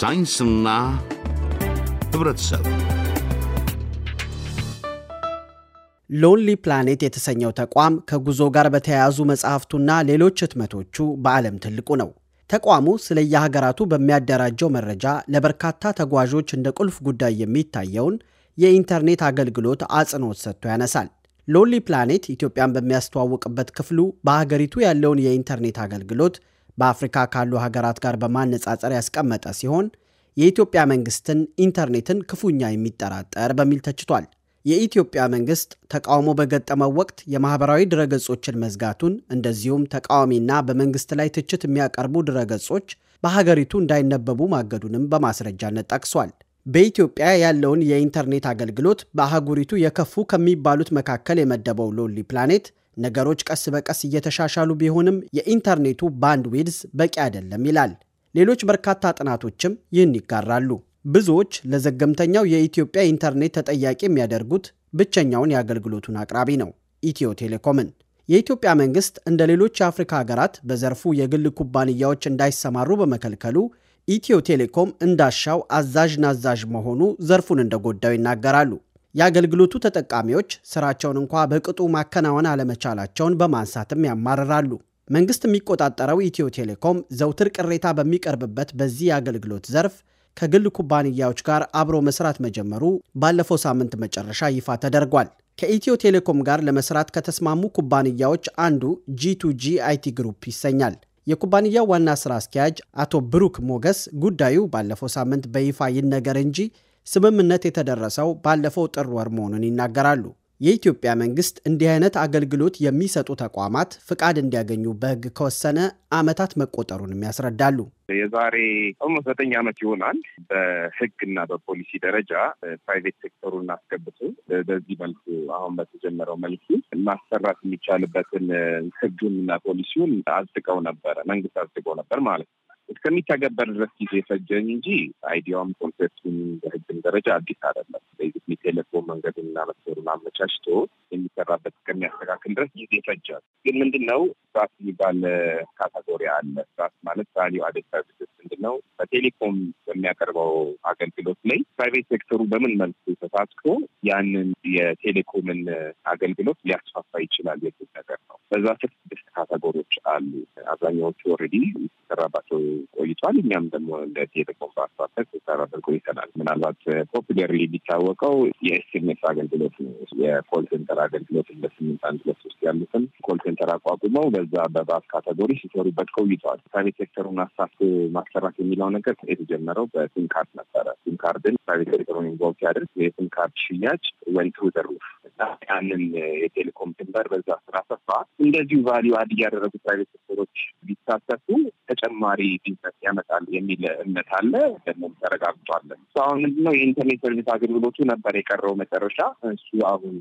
ሳይንስና ህብረተሰብ ሎንሊ ፕላኔት የተሰኘው ተቋም ከጉዞ ጋር በተያያዙ መጽሐፍቱና ሌሎች ህትመቶቹ በዓለም ትልቁ ነው። ተቋሙ ስለ የሀገራቱ በሚያደራጀው መረጃ ለበርካታ ተጓዦች እንደ ቁልፍ ጉዳይ የሚታየውን የኢንተርኔት አገልግሎት አጽንዖት ሰጥቶ ያነሳል። ሎንሊ ፕላኔት ኢትዮጵያን በሚያስተዋውቅበት ክፍሉ በሀገሪቱ ያለውን የኢንተርኔት አገልግሎት በአፍሪካ ካሉ ሀገራት ጋር በማነጻጸር ያስቀመጠ ሲሆን የኢትዮጵያ መንግስትን ኢንተርኔትን ክፉኛ የሚጠራጠር በሚል ተችቷል። የኢትዮጵያ መንግስት ተቃውሞ በገጠመው ወቅት የማህበራዊ ድረገጾችን መዝጋቱን እንደዚሁም ተቃዋሚና በመንግስት ላይ ትችት የሚያቀርቡ ድረገጾች በሀገሪቱ እንዳይነበቡ ማገዱንም በማስረጃነት ጠቅሷል። በኢትዮጵያ ያለውን የኢንተርኔት አገልግሎት በአህጉሪቱ የከፉ ከሚባሉት መካከል የመደበው ሎንሊ ፕላኔት ነገሮች ቀስ በቀስ እየተሻሻሉ ቢሆንም የኢንተርኔቱ ባንድ ዊድዝ በቂ አይደለም ይላል። ሌሎች በርካታ ጥናቶችም ይህን ይጋራሉ። ብዙዎች ለዘገምተኛው የኢትዮጵያ ኢንተርኔት ተጠያቂ የሚያደርጉት ብቸኛውን የአገልግሎቱን አቅራቢ ነው፣ ኢትዮ ቴሌኮምን። የኢትዮጵያ መንግስት እንደ ሌሎች የአፍሪካ ሀገራት በዘርፉ የግል ኩባንያዎች እንዳይሰማሩ በመከልከሉ ኢትዮ ቴሌኮም እንዳሻው አዛዥ ናዛዥ መሆኑ ዘርፉን እንደጎዳው ይናገራሉ። የአገልግሎቱ ተጠቃሚዎች ስራቸውን እንኳ በቅጡ ማከናወን አለመቻላቸውን በማንሳትም ያማርራሉ። መንግስት የሚቆጣጠረው ኢትዮ ቴሌኮም ዘውትር ቅሬታ በሚቀርብበት በዚህ የአገልግሎት ዘርፍ ከግል ኩባንያዎች ጋር አብሮ መስራት መጀመሩ ባለፈው ሳምንት መጨረሻ ይፋ ተደርጓል። ከኢትዮ ቴሌኮም ጋር ለመስራት ከተስማሙ ኩባንያዎች አንዱ ጂቱጂ አይቲ ግሩፕ ይሰኛል። የኩባንያው ዋና ስራ አስኪያጅ አቶ ብሩክ ሞገስ ጉዳዩ ባለፈው ሳምንት በይፋ ይነገር እንጂ ስምምነት የተደረሰው ባለፈው ጥር ወር መሆኑን ይናገራሉ። የኢትዮጵያ መንግስት እንዲህ አይነት አገልግሎት የሚሰጡ ተቋማት ፍቃድ እንዲያገኙ በህግ ከወሰነ አመታት መቆጠሩንም ያስረዳሉ። የዛሬ ኦልሞስት ዘጠኝ ዓመት ይሆናል። በህግና በፖሊሲ ደረጃ ፕራይቬት ሴክተሩን አስገብቶ በዚህ መልኩ አሁን በተጀመረው መልኩ ማሰራት የሚቻልበትን እና ፖሊሲውን አጽድቀው ነበረ፣ መንግስት አጽድቀው ነበር ማለት ነው። እስከሚተገበር ድረስ ጊዜ የፈጀኝ እንጂ አይዲያውም ኮንሴፕቱን በህግም ደረጃ አዲስ አይደለም። ቤዚክሊ ቴሌፎን መንገድና መስመሩን አመቻችቶ የሚሰራበት እስከሚያስተካክል ድረስ ጊዜ ይፈጃል። ግን ምንድን ነው ሳስ የሚባል ካታጎሪ አለ። ስራት ማለት ቫሊዩ አደድ ሰርቪስስ ምንድን ነው? በቴሌኮም በሚያቀርበው አገልግሎት ላይ ፕራይቬት ሴክተሩ በምን መልኩ ተሳትፎ ያንን የቴሌኮምን አገልግሎት ሊያስፋፋ ይችላል የሚል ነገር ነው። በዛ ስር ካተጎሪዎች አሉ። አብዛኛዎቹ ኦልሬዲ ሰራባቸው ቆይቷል። እኛም ደግሞ እንደ ቴሌኮም በአስፋፈት ሲሰራበት ቆይተናል። ምናልባት ፖፑለር የሚታወቀው የኤስኤምኤስ አገልግሎት ነው። የኮል ሴንተር አገልግሎት እንደ ስምንት አንድ ሁለት ውስጥ ያሉትን ኮል ሴንተር አቋቁመው በዛ በባስ ካተጎሪ ሲሰሩበት ቆይተዋል። ፕራይቬት ሴክተሩን አሳፍ ማሰራት የሚለው ነገር የተጀመረው በሲም ካርድ ነበረ። ሲም ካርድን ፕራይቬት ሴክተሩን ኢንቮልቭ ሲያደርግ የሲም ካርድ ሽያጭ ወንቱ ዘሩፍ ያንን የቴሌኮም ድንበር በዛ ስራ ሰፋ። እንደዚሁ ቫሊዩ አድ እያደረጉ ፕራይቬት ሴክተሮች ቢሳተፉ ተጨማሪ ቢዝነስ ያመጣል የሚል እምነት አለ። ደግሞም ተረጋግጧለን። አሁን ምንድነው የኢንተርኔት ሰርቪስ አገልግሎቱ ነበር የቀረው መጨረሻ። እሱ አሁን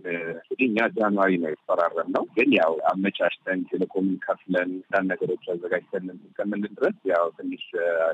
እኛ ጃንዋሪ ነው የተፈራረም ነው። ግን ያው አመቻችተን ቴሌኮም ከፍለን አንዳንድ ነገሮች አዘጋጅተን እስከምንል ድረስ ያው ትንሽ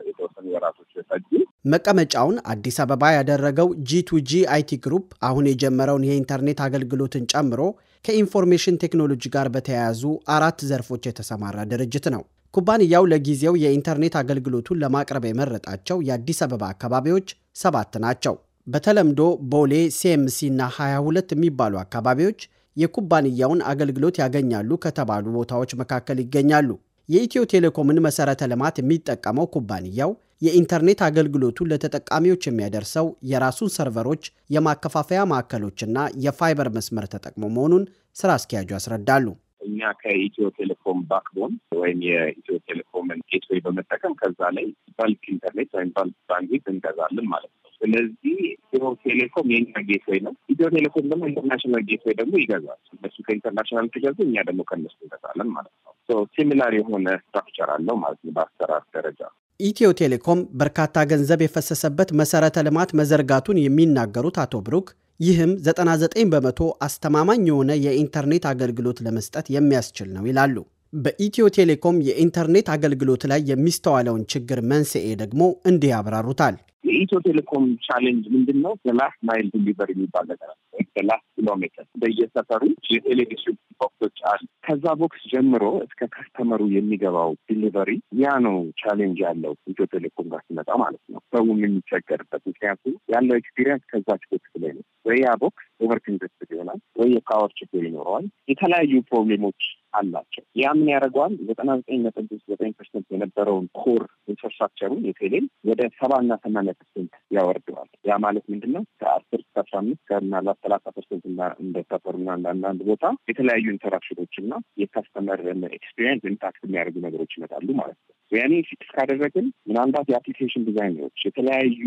የተወሰኑ ወራቶች ፈጁ። መቀመጫውን አዲስ አበባ ያደረገው ጂቱጂ አይቲ ግሩፕ አሁን የጀመረውን የኢንተርኔት አገልግሎትን ጨምሮ ከኢንፎርሜሽን ቴክኖሎጂ ጋር በተያያዙ አራት ዘርፎች የተሰማራ ድርጅት ነው። ኩባንያው ለጊዜው የኢንተርኔት አገልግሎቱን ለማቅረብ የመረጣቸው የአዲስ አበባ አካባቢዎች ሰባት ናቸው። በተለምዶ ቦሌ፣ ሲኤምሲ እና 22 የሚባሉ አካባቢዎች የኩባንያውን አገልግሎት ያገኛሉ ከተባሉ ቦታዎች መካከል ይገኛሉ። የኢትዮ ቴሌኮምን መሠረተ ልማት የሚጠቀመው ኩባንያው የኢንተርኔት አገልግሎቱን ለተጠቃሚዎች የሚያደርሰው የራሱን ሰርቨሮች፣ የማከፋፈያ ማዕከሎችና የፋይበር መስመር ተጠቅሞ መሆኑን ስራ አስኪያጁ ያስረዳሉ። እኛ ከኢትዮ ቴሌኮም ባክቦን ወይም የኢትዮ ቴሌኮምን ጌትዌይ በመጠቀም ከዛ ላይ ባልክ ኢንተርኔት ወይም ባልክ ባንድዊድት እንገዛለን ማለት ነው። ስለዚህ ኢትዮ ቴሌኮም የኛ ጌትዌይ ነው። ኢትዮ ቴሌኮም ደግሞ ኢንተርናሽናል ጌትዌይ ደግሞ ይገዛል። እነሱ ከኢንተርናሽናል ትገዙ፣ እኛ ደግሞ ከነሱ እንገዛለን ማለት ነው። ሲሚላር የሆነ ስትራክቸር አለው ማለት ነው በአሰራር ደረጃ። ኢትዮ ቴሌኮም በርካታ ገንዘብ የፈሰሰበት መሰረተ ልማት መዘርጋቱን የሚናገሩት አቶ ብሩክ ይህም 99 በመቶ አስተማማኝ የሆነ የኢንተርኔት አገልግሎት ለመስጠት የሚያስችል ነው ይላሉ። በኢትዮ ቴሌኮም የኢንተርኔት አገልግሎት ላይ የሚስተዋለውን ችግር መንስኤ ደግሞ እንዲህ ያብራሩታል። የኢትዮ ቴሌኮም ቻሌንጅ ምንድን ነው? ላስት ማይል ዲሊቨር የሚባል ነገር ላስት ኪሎ ሜትር በየሰፈሩ የቴሌቪዥን ቦክሶች አሉ። ከዛ ቦክስ ጀምሮ እስከ ከስተመሩ የሚገባው ዲሊቨሪ ያ ነው ቻሌንጅ ያለው ኢትዮ ቴሌኮም ጋር ሲመጣ ማለት ነው። ሰውም የሚቸገርበት ምክንያቱ ያለው ኤክስፒሪየንስ ከዛች ቦክስ ላይ ነው። ወይ ያ ቦክስ ኦቨር ይሆናል ወይ የፓወር ችግር ይኖረዋል። የተለያዩ ፕሮብሌሞች አላቸው። ያ ምን ያደርገዋል? ዘጠና ዘጠኝ ነጥብ ዘጠኝ ፐርሰንት የነበረውን ኮር ኢንፍራስትራክቸሩ የቴሌን ወደ ሰባ እና ሰማንያ ፐርሰንት ያወርደዋል። ያ ማለት ምንድን ነው? ከአስር አስራ አምስት ከናላት ሰላሳ ፐርሰንት እና እንደሰፈሩና አንዳንድ ቦታ የተለያዩ ኢንተራክሽኖች እና የካስተመር ኤክስፔሪንስ ኢምፓክት የሚያደርጉ ነገሮች ይመጣሉ ማለት ነው። ያኔ ፊክስ ካደረግን ምናልባት የአፕሊኬሽን ዲዛይነሮች የተለያዩ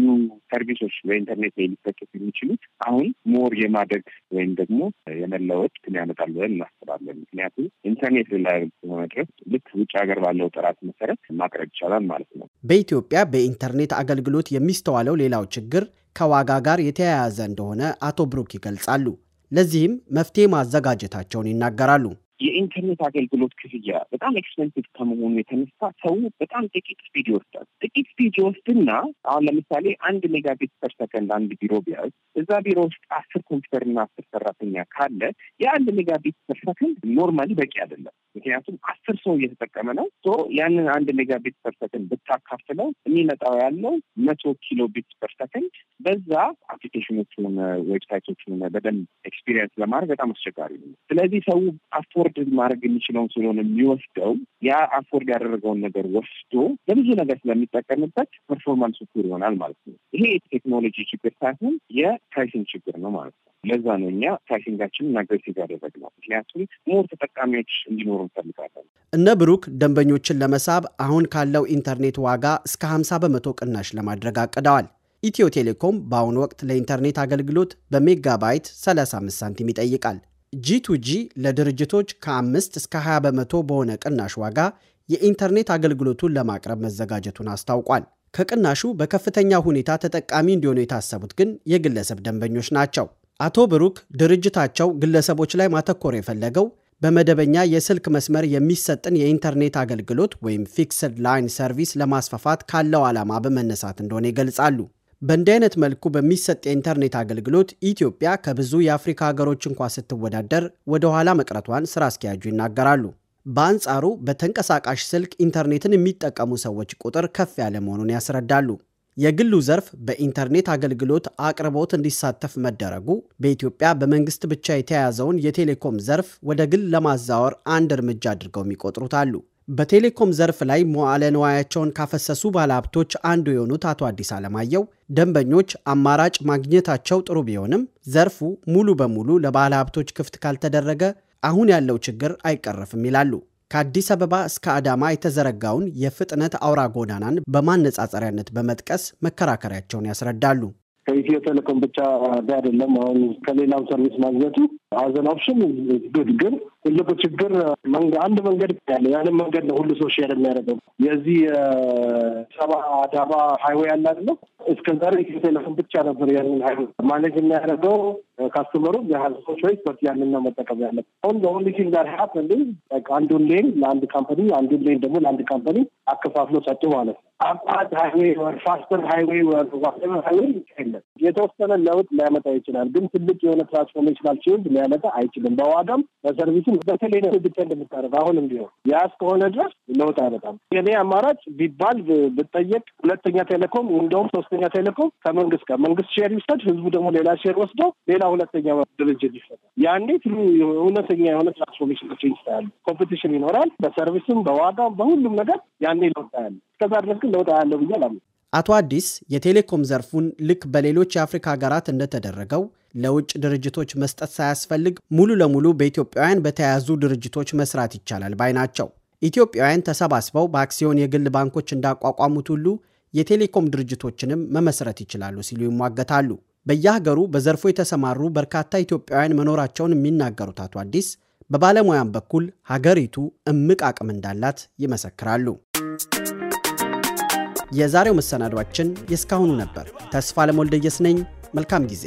ሰርቪሶች በኢንተርኔት ላይ ሊጠቀሱ የሚችሉት አሁን ሞር የማደግ ወይም ደግሞ የመለወጥ ግን ያመጣል ብለን እናስባለን። ምክንያቱም ኢንተርኔት ላይ በመድረስ ልክ ውጭ ሀገር ባለው ጥራት መሰረት ማቅረብ ይቻላል ማለት ነው። በኢትዮጵያ በኢንተርኔት አገልግሎት የሚስተዋለው ሌላው ችግር ከዋጋ ጋር የተያያዘ እንደሆነ አቶ ብሩክ ይገልጻሉ። ለዚህም መፍትሄ ማዘጋጀታቸውን ይናገራሉ። የኢንተርኔት አገልግሎት ክፍያ በጣም ኤክስፐንሲቭ ከመሆኑ የተነሳ ሰው በጣም ጥቂት ስፒድ ይወስዳል። ጥቂት ስፒድ ይወስድና አሁን ለምሳሌ አንድ ሜጋቢት ፐር ሰከንድ አንድ ቢሮ ቢያዝ እዛ ቢሮ ውስጥ አስር ኮምፒውተርና አስር ሰራተኛ ካለ የአንድ ሜጋቢት ፐር ሰከንድ ኖርማሊ በቂ አይደለም። ምክንያቱም አስር ሰው እየተጠቀመ ነው። ያንን አንድ ሜጋ ቢት ብታካፍለው የሚመጣው ያለው መቶ ኪሎ ቢት ፐርሰንድ በዛ አፕሊኬሽኖቹን ዌብሳይቶቹን በደንብ ኤክስፒሪየንስ ለማድረግ በጣም አስቸጋሪ ነው። ስለዚህ ሰው አፎርድ ማድረግ የሚችለውን ስለሆነ የሚወስደው ያ አፎርድ ያደረገውን ነገር ወስዶ ለብዙ ነገር ስለሚጠቀምበት ፐርፎርማንስ ሱኩር ይሆናል ማለት ነው። ይሄ የቴክኖሎጂ ችግር ሳይሆን የፕራይሲንግ ችግር ነው ማለት ነው። ለዛ ነው እኛ ፕራይሲንጋችንን አግሬሲቭ ያደረግነው። ምክንያቱም ሞር ተጠቃሚዎች እንዲኖሩ እንፈልጋለን። እነ ብሩክ ደንበኞችን ለመሳብ አሁን ካለው ኢንተርኔት ዋጋ እስከ 50 በመቶ ቅናሽ ለማድረግ አቅደዋል። ኢትዮ ቴሌኮም በአሁኑ ወቅት ለኢንተርኔት አገልግሎት በሜጋባይት 35 ሳንቲም ይጠይቃል ጂቱጂ ለድርጅቶች ከ5 እስከ 20 በመቶ በሆነ ቅናሽ ዋጋ የኢንተርኔት አገልግሎቱን ለማቅረብ መዘጋጀቱን አስታውቋል። ከቅናሹ በከፍተኛ ሁኔታ ተጠቃሚ እንዲሆኑ የታሰቡት ግን የግለሰብ ደንበኞች ናቸው። አቶ ብሩክ ድርጅታቸው ግለሰቦች ላይ ማተኮር የፈለገው በመደበኛ የስልክ መስመር የሚሰጥን የኢንተርኔት አገልግሎት ወይም ፊክስድ ላይን ሰርቪስ ለማስፋፋት ካለው ዓላማ በመነሳት እንደሆነ ይገልጻሉ። በእንዲህ አይነት መልኩ በሚሰጥ የኢንተርኔት አገልግሎት ኢትዮጵያ ከብዙ የአፍሪካ ሀገሮች እንኳ ስትወዳደር ወደ ኋላ መቅረቷን ስራ አስኪያጁ ይናገራሉ። በአንጻሩ በተንቀሳቃሽ ስልክ ኢንተርኔትን የሚጠቀሙ ሰዎች ቁጥር ከፍ ያለ መሆኑን ያስረዳሉ። የግሉ ዘርፍ በኢንተርኔት አገልግሎት አቅርቦት እንዲሳተፍ መደረጉ በኢትዮጵያ በመንግስት ብቻ የተያያዘውን የቴሌኮም ዘርፍ ወደ ግል ለማዛወር አንድ እርምጃ አድርገውም ይቆጥሩታሉ። በቴሌኮም ዘርፍ ላይ መዋለ ንዋያቸውን ካፈሰሱ ባለሀብቶች አንዱ የሆኑት አቶ አዲስ አለማየሁ ደንበኞች አማራጭ ማግኘታቸው ጥሩ ቢሆንም ዘርፉ ሙሉ በሙሉ ለባለሀብቶች ክፍት ካልተደረገ አሁን ያለው ችግር አይቀረፍም ይላሉ። ከአዲስ አበባ እስከ አዳማ የተዘረጋውን የፍጥነት አውራ ጎዳናን በማነጻጸሪያነት በመጥቀስ መከራከሪያቸውን ያስረዳሉ። ከኢትዮ ቴሌኮም ብቻ አይደለም። አሁን ከሌላም ሰርቪስ ማግኘቱ አዘን ኦፕሽን ግድ ግን ትልቁ ችግር አንድ መንገድ ያለ ያንም መንገድ ነው ሁሉ ሰው ሼር የሚያደርገው የዚህ የሰባ አዳማ ሀይዌ ያለ አይደለም። እስከዛሬ ኢትዮ ቴሌኮም ብቻ ነበር ያንን ሀይዌ ማኔጅ የሚያደርገው ካስተመሩ የሀዘሶ ቾይስ በት ያንን ነው መጠቀም ያለብን። አሁን በኦንሊ ቲንግ ዳት ሀፕን አንዱን ሌን ለአንድ ካምፓኒ አንዱን ሌን ደግሞ ለአንድ ካምፓኒ አከፋፍሎ ሰጡ ማለት ነው። አባት ሀይዌይ ወር ፋስተር ሀይዌይ ወር ሀይዌይ የለም። የተወሰነ ለውጥ ሊያመጣ ይችላል፣ ግን ትልቅ የሆነ ትራንስፎርሜሽናል ቼንጅ ሊያመጣ አይችልም። በዋጋም በሰርቪስም በተለይ ነ ብቻ እንደምታደረግ አሁን እንዲሆን ያ ከሆነ ድረስ ለውጥ አይመጣም። የኔ አማራጭ ቢባል ብጠየቅ ሁለተኛ ቴሌኮም እንደውም ሶስተኛ ቴሌኮም ከመንግስት ጋር መንግስት ሼር ይውሰድ፣ ህዝቡ ደግሞ ሌላ ሼር ወስደው ሌላ ሁለተኛ ድርጅት ይፈጣል። ያኔ እውነተኛ የሆነ ትራንስፎርሜሽን ትራንስፎርሜሽኖችን ይታያሉ። ኮምፒቲሽን ይኖራል። በሰርቪስም፣ በዋጋም፣ በሁሉም ነገር ያኔ ለውጥ ያለ። እስከዛ ድረስ ግን ለውጥ ያለው ብዬ አላምንም። አቶ አዲስ የቴሌኮም ዘርፉን ልክ በሌሎች የአፍሪካ ሀገራት እንደተደረገው ለውጭ ድርጅቶች መስጠት ሳያስፈልግ ሙሉ ለሙሉ በኢትዮጵያውያን በተያያዙ ድርጅቶች መስራት ይቻላል ባይ ናቸው። ኢትዮጵያውያን ተሰባስበው በአክሲዮን የግል ባንኮች እንዳቋቋሙት ሁሉ የቴሌኮም ድርጅቶችንም መመስረት ይችላሉ ሲሉ ይሟገታሉ። በየሀገሩ በዘርፉ የተሰማሩ በርካታ ኢትዮጵያውያን መኖራቸውን የሚናገሩት አቶ አዲስ በባለሙያም በኩል ሀገሪቱ እምቅ አቅም እንዳላት ይመሰክራሉ። የዛሬው መሰናዷችን የእስካሁኑ ነበር። ተስፋ ለሞልደየስ ነኝ። መልካም ጊዜ